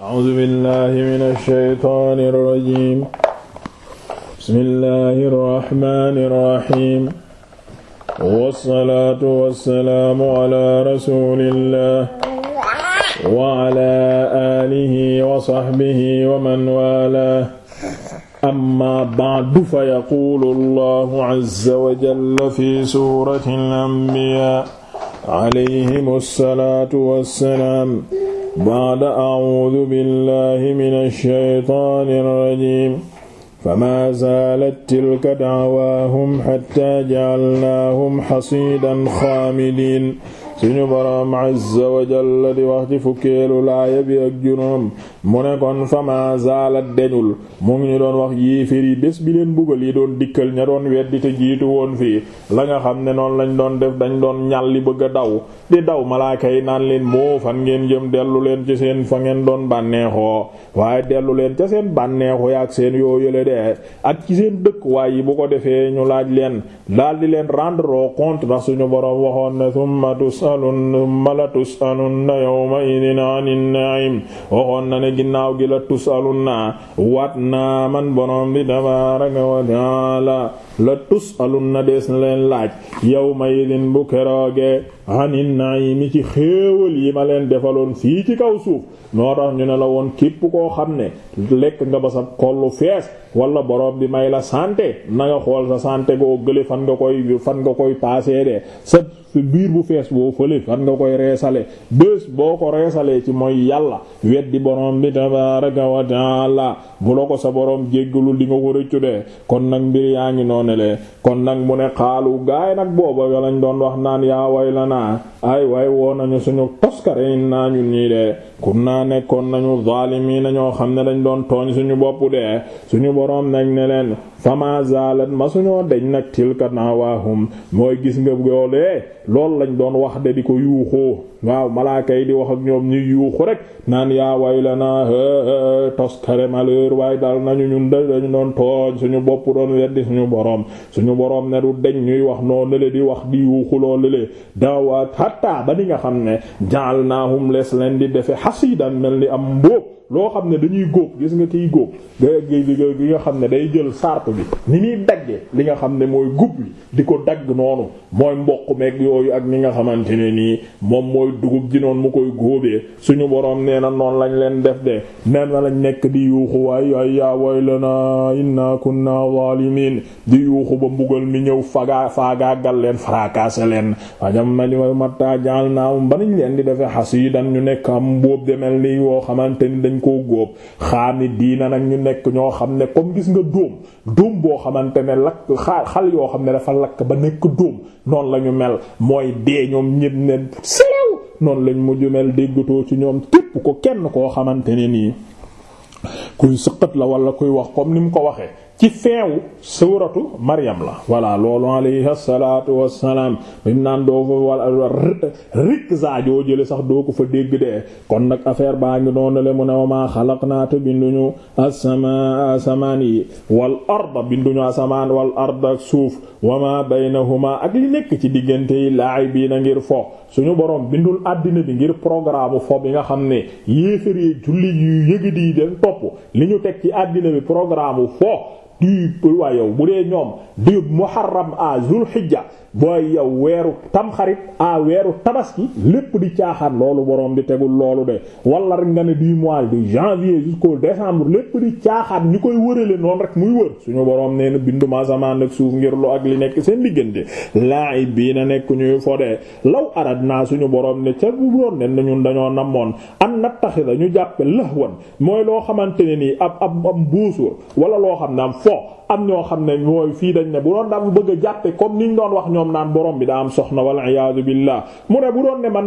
a'uuzu billahi mina shaytaani rajiim bismillahi rahmaani rahiim wassalaatu wassalaamu ala rasuulillah wa ala aalihi wa sahbihi wa man waalaah amma ba'du fa yaquulu allahu azza wa jalla fi suuratil anbiyaa alayhimu salaatu wassalaam ba'da a'uudu billahi minash shaytaanir rajiim famaa zaalat tilka da'waahum hattaa ja'alnaahum hasiidan xaamidiin suñu boroom azza di wax ci fukkeelu laaya bi ak juróom mu ne kon fama zaalat deñul mu ngi ñu doon wax yéeféer yi bés bi leen bugal yi doon dikkal ña doon weddi te jiitu woon fii la nga xam ne noonu lañ doon def dañ doon ñàlli bëgg a daw di daw malaaka yi naan leen moo fan ngeen jëm dellu leen ci seen fa ngeen doon bànneexoo waaye dellu leen ca seen bànneexu ak seen yooyule de ak ci seen dëkk waay yi bu ko defee ñu laaj leen daldi leen tusalun thumma la waxoon na ne ginnaaw gi la tusalunna waat naa man borom bi tabaraka wa taala la tusalunna des na leen laaj yawma idin bu keroogee anin naimi ci xéewal yi ma leen defaloon fii ci kaw suuf noo tax ñu ne la woon képp koo xam ne lekk nga ba sa kollu fees wala borom bi may la sante na xool sa santé goo gële fan nga koy fan nga koy paasee de sa biir bu fees boo fële fan nga koy reesale bés boo ko reesalee ci mooy yàlla weddi borom bi tabaaraka wa taala bu la ko sa borom jéggalul di nga ko rëccu de kon nag mbir yaa ngi noonu le kon nag mu ne xaalu gaay nag booba yo lañ doon wax naan yaa way la naa ay way woo nañu suñu toskare naa kunna nekkoon nañu zaalimiina ñoo xam ne dañ doon tooñ suñu bopp de suñu boroom nag ne leen fama zalat ma suñoo deñ nag tilka nawaahum mooy gis nga yoolee loolu lañ doon wax de di ko yuuxoo waaw malaaka yi di wax ak ñoom ñuy yuuxu rek naan yaa waylana toskare malheur waaye dal nañu ñun da dañu doon tooñ suñu bopp doon weddi suñu boroom suñu boroom ne du deñ ñuy wax noo nale di wax di yuuxu loo lale daawa hatta ba ni nga xam ne ja'alnaahum les leen di defe hasidan mel ni am mbóob loo xam ne dañuy góob gis nga kiy góob gi nga xam ne day jël sart bi ni ñuy dagge li nga xam ne mooy gub bi di ko dagg noonu mooy mboq meeg yooyu nga xamante ne koy dugub ji noonu mu koy góobee suñu boroom nee na noonu lañ leen def de nee na nekk di yuuxu waay waay yaa waylanaa inna kunna zaalimiin di yuuxu ba mbugal mi ñëw fagaa faagaagal leen fracassé leen ajam ma matta jaal naam um, banañ leen di defee xasiidan ñu nekk am mbóob de mel ni yoo xamante ni dañ koo góob xaami diina nag ñu nekk ñoo xam ne comme gis nga dóom dóom boo xamante ne lakk xaal xal yoo xam ne dafa lakk ba nekk dóom noonu lañu mel mooy noonu lañ mujj mel déggatoo ci ñoom tépp ko kenn koo xamante ne nii kuy sëqat la wala kuy wax comme ni mu ko waxee ci feewu suuratu Maryam la voilà loolu alayhi salaatu wassalaam bi mu naan doo fa wala rikza joo jële sax doo ko fa dégg de kon nag affaire baa ngi noonu le mu ne wa maa xalaqnaa te binduñu asamaa asamaan yi wal arda binduñu asamaan wal arda ak suuf wa maa baynahuma ak li nekk ci diggante yi laay bii na ngir fo suñu borom bindul àddina bi ngir programme fo bi nga xam ne yéefar yi jullit yu yëg di den topp li ñu teg ci àddina bi programme fo du waaye yow bu dee ñoom du muharram à zulhijja booy yow weeru tamxarit a weeru tabaski lépp di caaxaan loolu borom bi tegul loolu de wala rek nga ne du mois de janvier jusqu'au décembre lépp di caaxaan ñu koy wërale noonu rek muy wër suñu borom nee na binduma asamaan ak suuf ngir lu ak li nekk seen diggante laay bii na nekku ñuy fodee law arad naa suñu borom ne ca bu doon ne ñun dañoo namoon an nattaxida ñu jàppe lahwan mooy loo xamante ne nii ab ab am buusur wala loo xam ne am fo am ñoo xam ne mooy fii dañ ne bu doon dam bëgg a jàppe comme niñ doon wax ñoom naan borom bi daa am soxna wal iyaadu billah mu ne bu doon ne man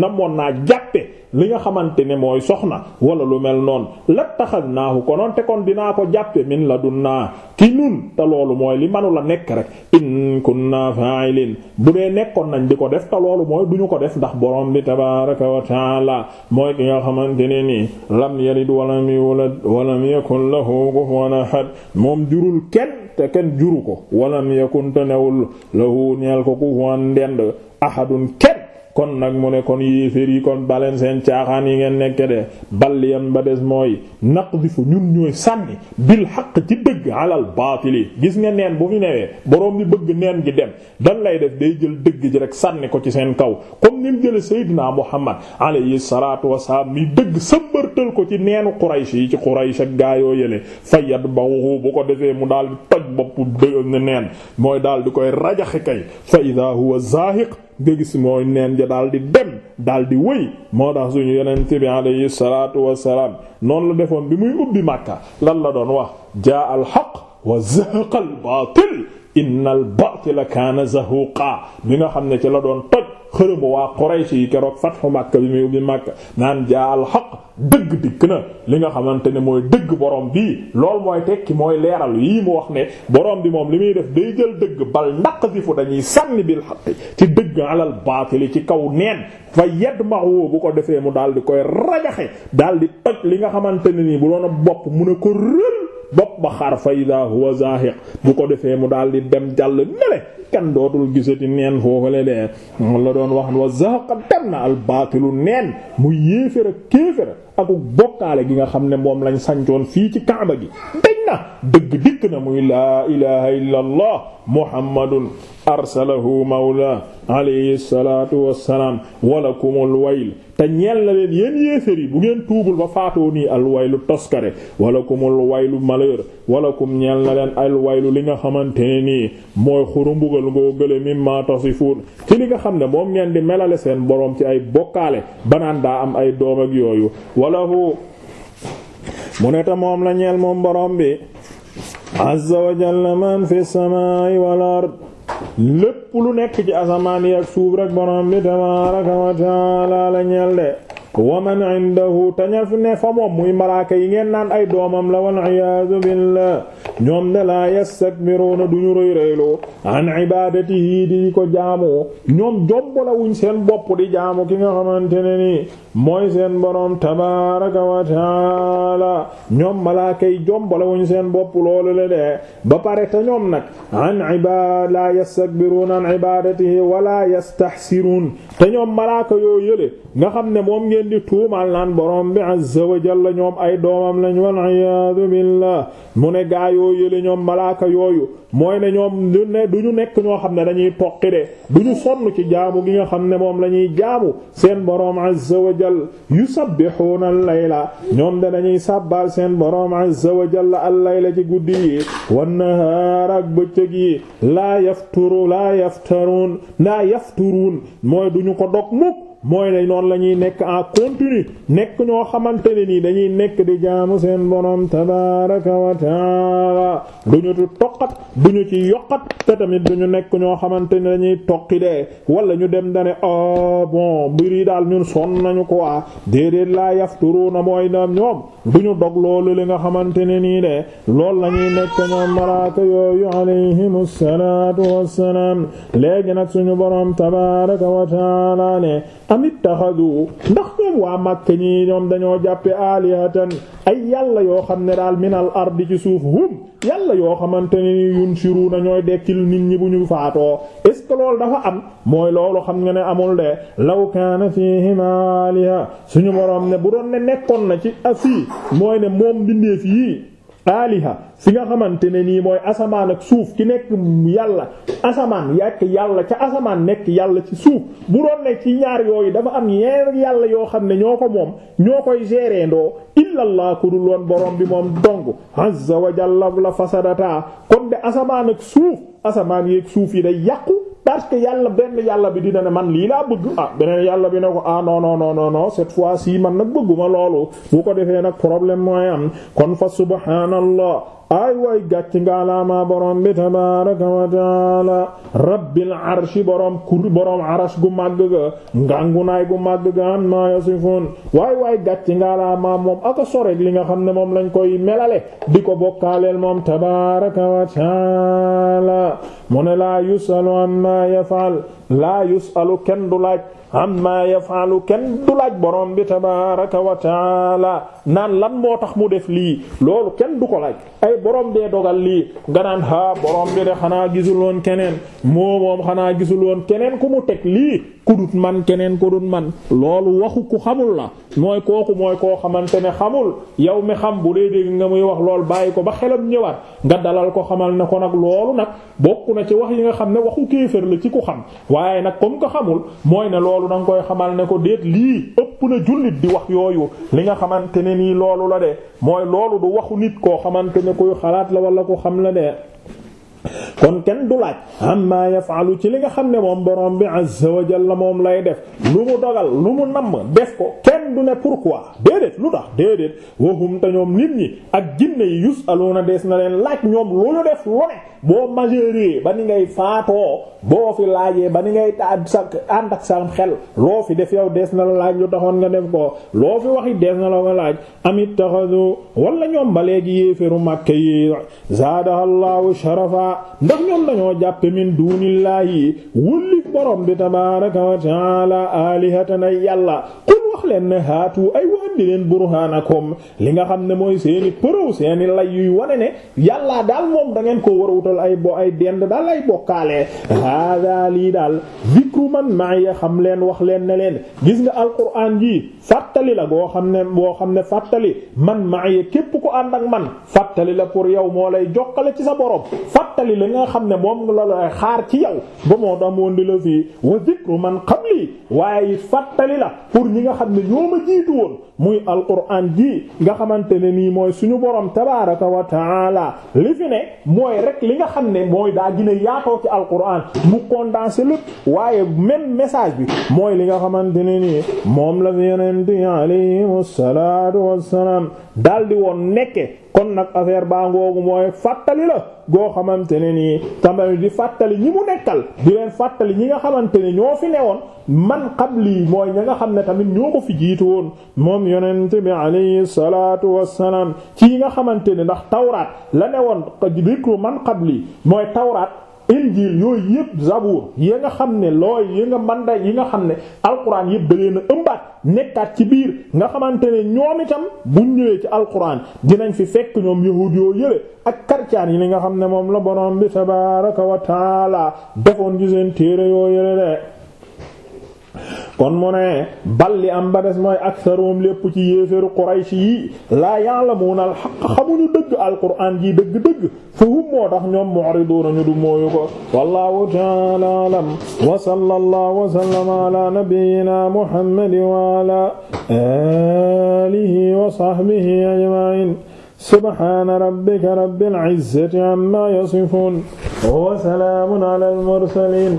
namoon naa jàppe li nga xamante ne mooy soxna wala lu mel noonu la taxadnaahu konoon te kon dinaa ko jàppe min la dunnaa ci nun te loolu mooy li manu la nekk rek in kunna fa'ilin bu dee nekkoon nañ di ko def te loolu mooy duñu ko def ndax borom bi tabaaraka wa ta'ala mooy ki nga xamante ne nii lam yalid walam yulad walam yakun lahu kufuwan ahad moom jurul kenn te kenn juru ko walam yakun newul lahu ñeel ko kufuwan dend ahadun kenn kon nag mu ne kon yéeféer yi kon baleen seen caaxaan yi ngeen nekke de balliyan ba des mooy naqdifu ñun ñooy sànni bil xaq ci dëgg alal baatili gis nga neen bu fi newee boroom bi bëgg neen gi dem dan lay def day jël dëgg ji rek sànni ko ci seen kaw comme nim jële Seydina Muhammad alayhi salaatu wasalaam mi dëgg sëmbërtal ko ci neenu Quraysh yi ci Quraysh ak gaayoo yële fayat bawu bu ko defee mu daal di toj bopp dë neen mooy daal di koy rajaxi kay fa idaa huwa zaahiq nga gis mooy neen ja daal di dem dal di wëy moo tax suñu yonent bi alayhi salaatu wassalaam noonu la defoon bi muy ubbi Makka lan la doon wax jaa al haqq wa zahaqa al baatil inna al baatila kaana zahuqa bi nga xam ne ci la doon toj xërëmu waa Quraysh yi keroog fatxu Makka bi muy bi Makka naan jaa xaq dëgg dikk na li nga xamante ne mooy dëgg borom bii lool mooy tekki mooy leeral yii mu wax ne borom bi moom li muy def day jël dëgg bal bi fu dañuy sànni bil xaq ci dëgg alal baatili ci kaw neen fa woo bu ko defee mu daal di koy rajaxe daal di toj li nga xamante ne nii bu doon bopp mu ne ko rël ba xar fa ida huwa zahiq bu ko defee mu daal di dem jàll nele kan dootul gisati neen foofale dee mun la doon wax wa zahaqa dem na al baatilu neen mu yéeféra kéeféra aku bokkaale gi nga xam ne moom lañ sancoon fii ci kaaba gi dañ na dëgg dikk na muy laa ilaha illa allah arsalahu mawla alayhi salaatu wassalaam walakumul wayl te ñeel na leen yéen yéefér yi bu ngeen tuubul ba faatoo nii alwaylu toskare walakumul waylu malheur walakum ñeel na leen alwaylu li nga xamante ne nii mooy xuru mbugal ngoo gële mimma tasifuun ci li nga xam ne moom ngeen di melale seen boroom ci ay bokkaale banaan daa am ay doom ak yooyu walahu mu ne ta moom la ñeel moom boroom bi azza wa man fi samaa'i wal ard lépp lu nekk ci asamaan yi ak suuf rek borom tabaaraka wa taala la wa man indahu taña ne fa moom muy malaaka yi ngeen naan ay doomam la wal iyaadu billah ñoom ne laa yastakbiruuna duñu rëy an ibaadatihi di ko jaamu ñoom jombalawuñ seen bopp di jaamu ki nga xamante ne nii mooy seen boroom tabaaraka wa taala ñoom malaaka yi jombale wuñ seen bopp loolu le de ba pare te ñoom nag an ibaad la yastakbiruun an ibaadatihi wala yastahsiruun te ñoom malaaka yoo yële nga xam ne moom ngeen di tuumal naan boroom bi azza wa ñoom ay doomam lañ wal iyaadu billah mu ne gaa yoo yële ñoom malaaka yooyu mooy ne ñoom du ñu nekk ñoo xam ne dañuy toqi de du ñu sonn ci jaamu gi nga xam ne moom lañuy jaamu seen boroom azza wa wajal yusabbihuna al-layla ñoom danañuy sàbbaal seen boroom azza wa jalla al-layla ci guddi yi wan-nahaara ak bëccëg yi laa yafturu laa yaftaruun laa yafturuun mooy duñu ko dog mukk mooy ne noonu la ñuy nekk en continu nekk ñoo xamante ne nii dañuy nekk di jaamu seen borom tabaaraka wa taala duñu ci toqat duñu ci yokkat te tamit ñu nekk ñoo xamante ne dañuy toqi de wala ñu dem dane ah bon mbir daal ñun sonn nañu quoi déedéet laa yafturuna mooy ñoom duñu dog loolu li nga xamante ne nii de loolu la ñuy nekk ñoom malaaka yooyu alayhimu salaatu wassalaam léegi nag suñu borom tabaaraka wa taala ne amit taxadu ndax ñoom waa Makka ñii ñoom dañoo jàppe alihatan ay yàlla yoo xam ne daal minal ardi ci suuf hum yàlla yoo xamante ni ne ni yunsiruna ñooy dekkil nit ñi bu ñu faatoo est ce que loolu dafa am mooy loolu xam nga ne amul de law kaana fihima aliha suñu moroom ne bu doon ne nekkoon na ci afi mooy ne moom bindeef yii aaliha si nga xamante ne nii mooy asamaan ak suuf ki nekk yàlla asamaan yàkk yàlla ca asamaan nekk yàlla ci suuf bu doon ne ci ñaar yooyu dafa am yeneen yàlla yoo xam ne ñoo ko moom ñoo koy gérer ndoo illallah ku dul woon borom bi moom dong azza wa jalla la fasadata kon de asamaan ak suuf asamaan yeeg suuf yi day yàqu parce que yàlla benn yàlla bi dina ne man lii laa bëgg ah beneen yàlla bi ne ko ah non non non non cette fois ci man nag bëgguma loolu bu ko defee nag problème kon fa subhaanallah ay way gàcc nga alaama borom bi tabaaraka wa taala rabbil arshi borom arash gu màgg ga ngangunaay gu màgg ga an yasifun waay waay gàcc nga alaama moom aka sorek li nga xam ne moom lañ koy melale di ko bokkaaleel moom tabaaraka wa taala mu ne laa yusalu amma yafal laa yusalu kenn du amma yafaalu kenn du laaj borom bi tabaraka wa taala naan lan moo tax mu def lii loolu kenn du ko laaj ay borom dee dogal lii nga naan ha borom bi de xanaa gisul woon keneen moo moom xanaa gisul woon keneen ku mu teg lii kudut man keneen kudut man loolu waxu ku xamul la mooy kooku mooy koo xamante ne xamul yow mi xam bu dee dégg nga muy wax lool bàyyi ko ba xelam ñëwaat nga dalal ko xamal ne ko nag loolu nag bokku na ci wax yi nga xam ne waxu kéefër la ci ku xam waaye nag comme ko xamul mooy ne loolu da koy xamal ne ko déet lii ëpp na jullit di wax yooyu li nga xamante ne nii loolu la de mooy loolu du waxu nit koo xamante ne kuy xalaat la wala ko xam la de kon kenn du laaj amma yafalu ci li nga xam ne moom borom bi azza wa jalla moom lay def lu mu dogal lu mu namm def ko kenn du ne pourquoi déedéet lu tax déedéet waxum te ñoom nit ñi ak jinne yi yusaluna des na leen laaj ñoom lu ñu def lu ne boo majeure ba ni ngay faatoo boo fi laajee ba ni ngay ta sa ànd ak sam xel loo fi def yow des na la laaj lu taxoon nga def ko loo fi waxi des na la ko laaj amit taxadu wala ñoom ba léegi yéeféru màkke yi zaadahallahu sharafa ndax ñoom dañoo jàppe min duunillaahi wëllif borom bi tabaaraka wa ta'aala aalihatan ay wax leen ne haatu ay wa andi leen burhanakum li nga xam ne mooy seeni preuve seeni lay yuy wane ne yàllaa daal moom da ko war wutal ay bo ay dend daal ay bokkaale hada lii daal zikru man maaya xam leen wax leen ne leen gis nga alquran ji fàttali la goo xam ne boo xam ne fàttali man maaya képp ko ànd ak man fàttali la pour yow moo lay jokkale ci sa borom fàttali la nga xam ne moom la la xaar ci yow ba moo damoon di la fii wa zikru man waaye it fàttali la pour ñi nga xam ne ñoo ma jiitu woon muy alquran ji nga xamante ne nii mooy suñu borom tabaaraka wa taala li fi ne mooy rek li nga xam ne mooy daa gën a yaatoo ci alquran mu condensé lépp waaye même message bi mooy li nga xamante ne nii moom la yeneen di alayhi salaatu wassalaam daldi woon nekke kon nag affaire baa ngoogu mooy fàttali la goo xamante ne nii tamit di fàttali ñi mu nekkal di leen fàttali ñi nga xamante ne ñoo fi newoon man qabli mooy ña nga xam ne tamit ñoo fi jiitu woon moom yonent bi alayhi salaatu wassalaam ci yi nga xamante ne ndax tawraat la newoon dikru man qabli mooy tawraat injil yooyu yëpp zabur yi nga xam ne looy yi nga manda yi nga xam ne alquran yëpp da leen a ëmbaat nekkaat ci biir nga xamante ne ñoom itam buñ ñëwee ci alquran dinañ fi fekk ñoom yahuud yoo yële ak karcaan yi li nga xam ne moom la borom bi tabaraka wa taala defoon ci seen téere yoo yële de kon mu ne bal li am ba des mooy aksaroom lépp ci yéeféru Quraysh yi laa ya'lamuuna al-haqq xamuñu dëgg alquran ji dëgg-dëgg fa hum moo tax ñoom mu'riduuna ñu du mooyu ko wallahu ta'ala a'lam wa sallallahu wa sallama ala nabiyyina muhammadin wa ala alihi wa sahbihi ajma'in subhana rabbika rabbil izzati amma yasifun wa salaamun ala al-mursalin